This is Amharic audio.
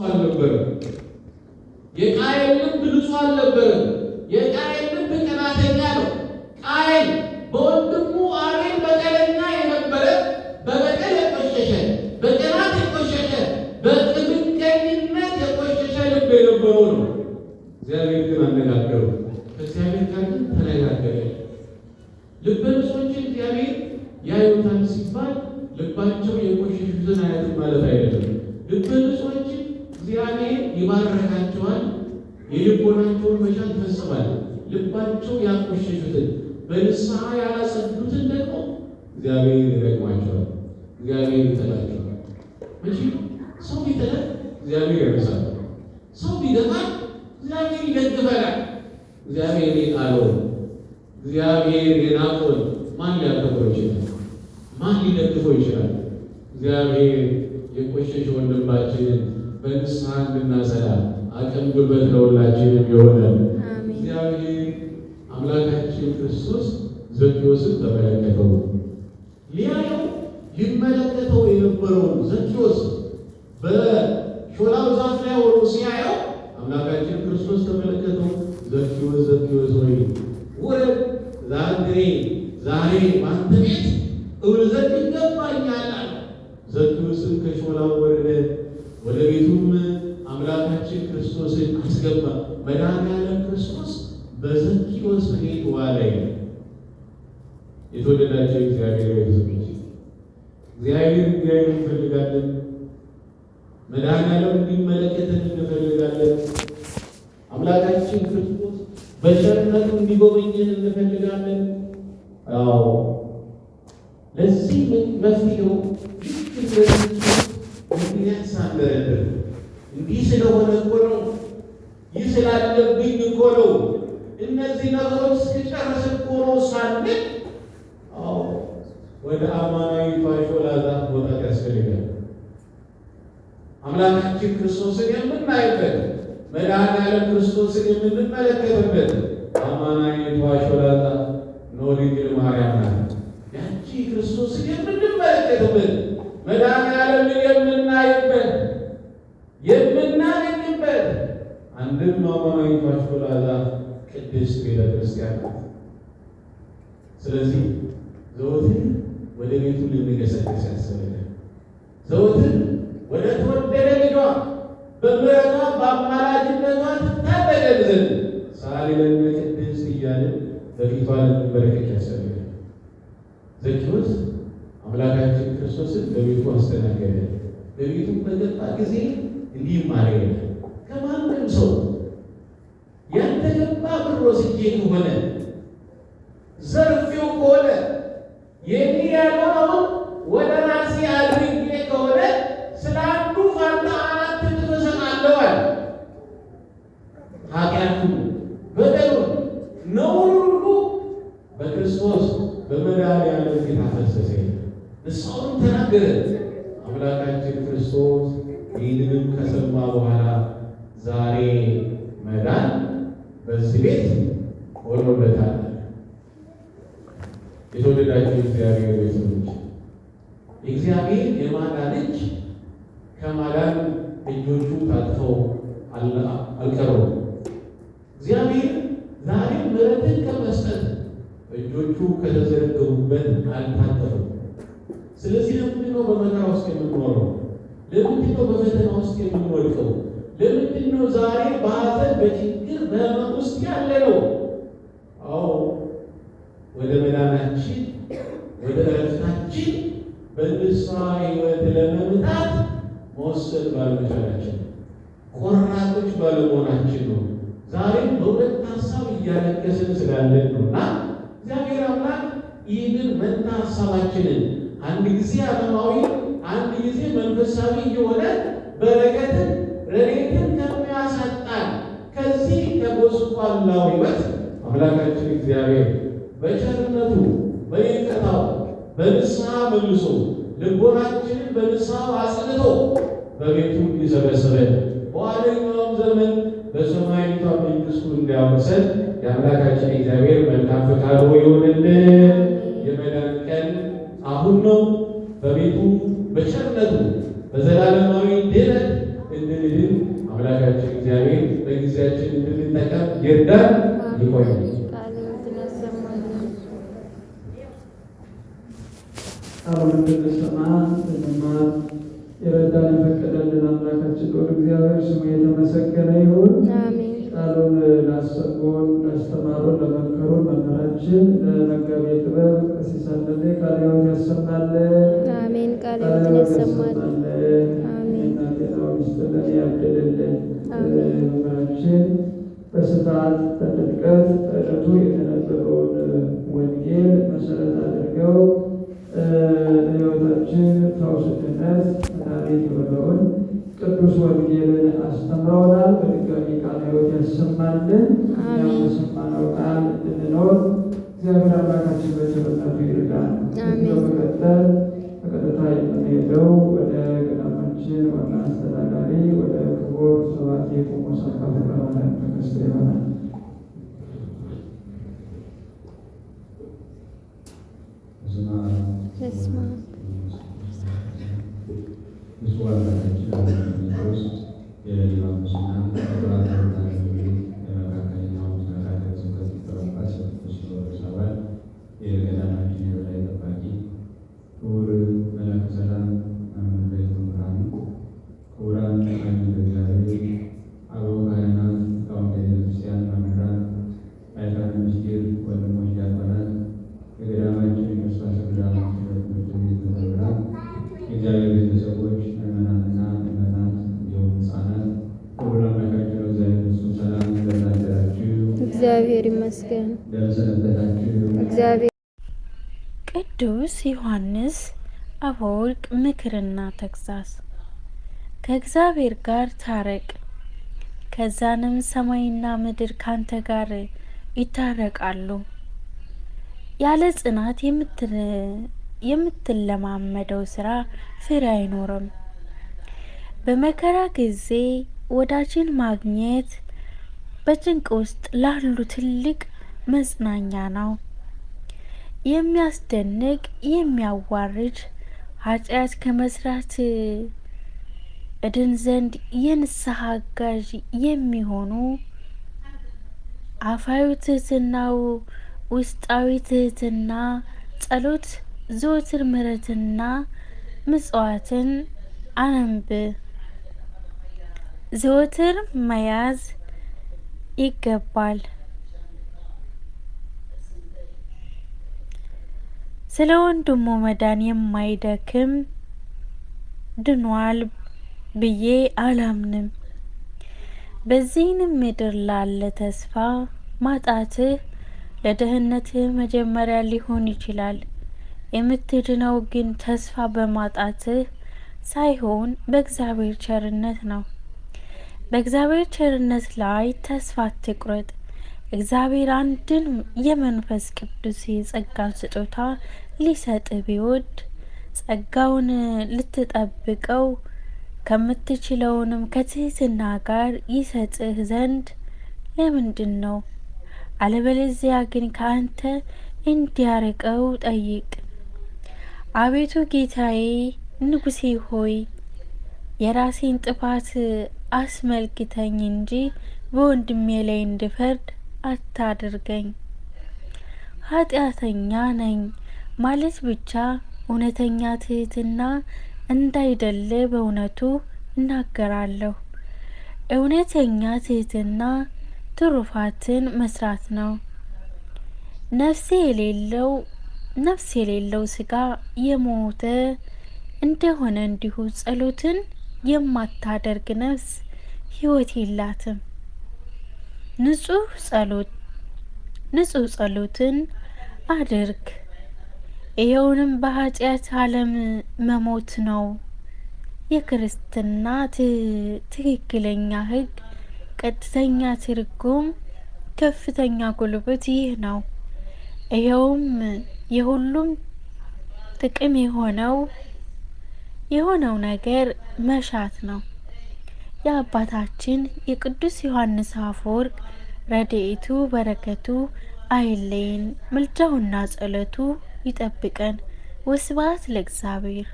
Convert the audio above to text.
አልነበረም። የቃየል ልብ ንጹሕ አልነበረም። የቃየል ልብ ቀናተኛ ነው። ቃየል በወንድሙ አቤል በቀለኛ የነበረ በበቀል የቆሸሸ በቀናት የቆሸሸ በጥብቀኝነት የቆሸሸ ልብ የነበረው ነው። እግዚአብሔር ግን አነጋገሩ። ከእግዚአብሔር ጋር ግን ተነጋገረ። ልበ ንጹሖችን እግዚአብሔር ያዩታል ሲባል ልባቸው የቆሸሹትን አያትም ማለት አይደለም። ልበ ንጹሖች እግዚአብሔር ይባረካቸዋል፣ የልቦናቸውን መሻት ይፈጽማል። ልባቸው ያቆሸሹትን በንስሐ ያላጸዱትን ደግሞ እግዚአብሔር ይረግማቸዋል፣ እግዚአብሔር ይጠላቸዋል። መቼ ሰው ቢጠላል እግዚአብሔር ያነሳል፣ ሰው ቢገፋል እግዚአብሔር ይደግፈናል። እግዚአብሔር የጣለውን እግዚአብሔር የናቀውን ማን ሊያከብረው ይችላል? ማን ሊደግፈው ይችላል? እግዚአብሔር የቆሸሸውን ልባችንን በንስሐ እንድናሰላ አቅም ጉልበት ለሁላችንም የሆነን እግዚአብሔር አምላካችን ክርስቶስ ዘኪዎስን ተመለከተው። ሊያየው ሊመለከተው የነበረውን ዘኪዎስ በሾላው ዛፍ ላይ ሆኖ ሲያየው አምላካችን ክርስቶስ ተመለከተው። ዘኪዎስ ዘኪዎስ ወይ ውረድ፣ ዛንድሬ ዛሬ ባንተ ቤት ክርስቶስ በዘኪዎስ ቤት ዋለ። የተወደዳቸው እግዚአብሔር ሕዝቦች እግዚአብሔር እግዚአብሔር እንፈልጋለን። መድኃኔዓለም እንዲመለከተን እንፈልጋለን። አምላካችን ክርስቶስ በቸርነቱ እንዲጎበኘን እንፈልጋለን። አዎ ለዚህ መፍትሄው ምክንያት ሳንደረድር እንዲህ ስለሆነ እኮ ነው ይህ ስላለብኝ እኮ ነው። እነዚህ ነገሮች እስክጨርስ እኮ ነው ወደ ወደ ፋሾ ሾላዳ መውጣት ያስፈልጋል። አምላካችን ክርስቶስን የምናይበት መድኃኔዓለም ክርስቶስን የምንመለከትበት አማናዊቷ ሾላዳ ድንግል ማርያም ናት። ያቺ ክርስቶስን የምንመለከትበት መድኃኔዓለምን የምናይበት አንድም አሞናዊቷ ሾላዳ ቅድስት ቤተ ክርስቲያን ናት። ስለዚህ ዘወትር ወደ ቤቱ ልንገሰገስ ያስፈልጋል። ዘወትር ወደ ተወደደ ልጇ በምሕረቷ በአማላጅነቷ ትታደገን ዘንድ ሰአሊለነ ቅድስት እያልን በፊቷ ልንበረከክ ያስፈልጋል። ዘኪዎስ አምላካችን ክርስቶስን በቤቱ አስተናገደ። በቤቱ በገባ ጊዜ እንዲህ ማረገ ከማንም ሰው ብሎ ስኬቱ ሆነ። ዘርፊው ከሆነ የኔ ያልሆነውን ወደ ራሴ አድርጌ ከሆነ ስለ አንዱ ፋንታ አራት እጥፍ እሰጣለዋል። ኃጢአቱ፣ በደሉ፣ ነውሩ ሁሉ በክርስቶስ በመድኃኒዓለም ፊት አፈሰሰ። ንስሐውን ተናገረ። አምላካችን ክርስቶስ ይህንንም ከሰማ በኋላ ዛሬ መዳን በዚህ ቤት ሆኖለታል። የተወደዳችሁ እግዚአብሔር ቤተሰቦች እግዚአብሔር የማዳን እጅ ከማዳን እጆቹ ታጥፈው አልቀረው። እግዚአብሔር ዛሬም ምሕረትን ከመስጠት እጆቹ ከተዘረገቡበት አልታጠፉም። ስለዚህ ለምንድነው በመከራ ውስጥ የምንኖረው? ለምንድነው በፈተና ውስጥ የምንወድቀው? ለምንድን ነው ዛሬ በሐዘን በችግር በሕመም ውስጥ ያለ ነው? አዎ ወደ መዳናችን ወደ እረፍታችን በንስሐ ሕይወት ለመምጣት መወሰን ባለመቻላችን ቆራጦች ባለመሆናችን ነው። ዛሬም በሁለት ሀሳብ እያለቀስን ስላለን ነው እና እግዚአብሔር አምላክ ይህንን መና ሀሳባችንን አንድ ጊዜ ዓለማዊ አንድ ጊዜ መንፈሳዊ የሆነ በረከትን ረድኤትን ከሚያሰጣን ከዚህ ከጎስቋላው ሕይወት አምላካችን እግዚአብሔር በቸርነቱ በይቅርታው በንስሐ መልሶ ልቦናችንን በንስሐው አጽንቶ በቤቱ እንዲሰበስበን በኋለኛውም ዘመን በሰማያዊቷ መንግሥቱ እንዲያወርሰን የአምላካችን እግዚአብሔር መልካም ፈቃዱ ይሆንልን። የመዳን ቀን አሁን ነው። በቤቱ በቸርነቱ አምላካችን እግዚአብሔር በጊዜያችን እንድንጠቀም ይርዳን። ይቆያል። አሁን የረዳን የፈቀደልን አምላካችን ጦር እግዚአብሔር ስሙ የተመሰገነ ይሁን። ቃሉን ላሰቡን፣ ላስተማሩን፣ ለመከሩን መምህራችን ለመጋቤ ጥበብ ቀሲሳለ ቃለ ያሰማለ ቃለ ያሰማለ እናቴናው ሚስትለን መምህራችን በስፋት በጥልቀት በዕለቱ የተነበበውን ወንጌል መሰረት አድርገው ለሕይወታችን ፈውስነት መድኃኒት የሆነውን ቅዱስ ወንጌልን አስተምረውናል። በድጋሚ ቃለ ሕይወት ያሰማልን። እኛም ቃል እንድንኖር እግዚአብሔር አምላካችን በቸርነቱ ይርዳል። በመቀጠል ቀጥታ የምንሄደው ወደ ገዳማችን ዋና አስተዳዳሪ ወደ ክቡር ሰባቴ ቆሞስ አባ ተክለ ይሆናል። ብፁዕ አባታችን ሊባኖስና ቅዱስ ዮሐንስ አፈወርቅ ምክርና ተግሳስ ከእግዚአብሔር ጋር ታረቅ፣ ከዛንም ሰማይና ምድር ካንተ ጋር ይታረቃሉ። ያለ ጽናት የምትለማመደው ስራ ፍሬ አይኖርም። በመከራ ጊዜ ወዳጅን ማግኘት በጭንቅ ውስጥ ላሉ ትልቅ መጽናኛ ነው። የሚያስደንቅ የሚያዋርድ ኃጢአት ከመስራት እድን ዘንድ የንስሐ አጋዥ የሚሆኑ አፋዊ ትህትናው ውስጣዊ ትህትና፣ ጸሎት፣ ዘወትር ምሕረትና ምጽዋትን አነንብ ዘወትር መያዝ ይገባል። ስለ ወንድሙ መዳን የማይደክም ድኗል ብዬ አላምንም። በዚህንም ምድር ላለ ተስፋ ማጣትህ ለደህንነትህ መጀመሪያ ሊሆን ይችላል። የምትድነው ግን ተስፋ በማጣትህ ሳይሆን በእግዚአብሔር ቸርነት ነው። በእግዚአብሔር ቸርነት ላይ ተስፋ አትቁረጥ። እግዚአብሔር አንድን የመንፈስ ቅዱስ የጸጋን ስጦታ ሊሰጥ ቢወድ ጸጋውን ልትጠብቀው ከምትችለውንም ከትህትና ጋር ይሰጥህ ዘንድ ለምንድን ነው? አለበለዚያ ግን ከአንተ እንዲያርቀው ጠይቅ። አቤቱ ጌታዬ ንጉሴ ሆይ የራሴን ጥፋት አስመልክተኝ እንጂ በወንድሜ ላይ እንድፈርድ አታድርገኝ። ኃጢአተኛ ነኝ ማለት ብቻ እውነተኛ ትህትና እንዳይደለ በእውነቱ እናገራለሁ። እውነተኛ ትህትና ትሩፋትን መስራት ነው። ነፍስ የሌለው ነፍስ የሌለው ስጋ የሞተ እንደሆነ እንዲሁ ጸሎትን የማታደርግ ነፍስ ሕይወት የላትም። ንጹህ ጸሎት ንጹህ ጸሎትን አድርግ። ይኸውንም በኃጢአት ዓለም መሞት ነው። የክርስትና ትክክለኛ ሕግ ቀጥተኛ ትርጉም ከፍተኛ ጉልበት ይህ ነው። ይኸውም የሁሉም ጥቅም የሆነው የሆነው ነገር መሻት ነው። የአባታችን የቅዱስ ዮሐንስ አፈወርቅ ረድኤቱ በረከቱ አይሌን ምልጃውና ጸሎቱ ይጠብቀን። ወስብሐት ለእግዚአብሔር።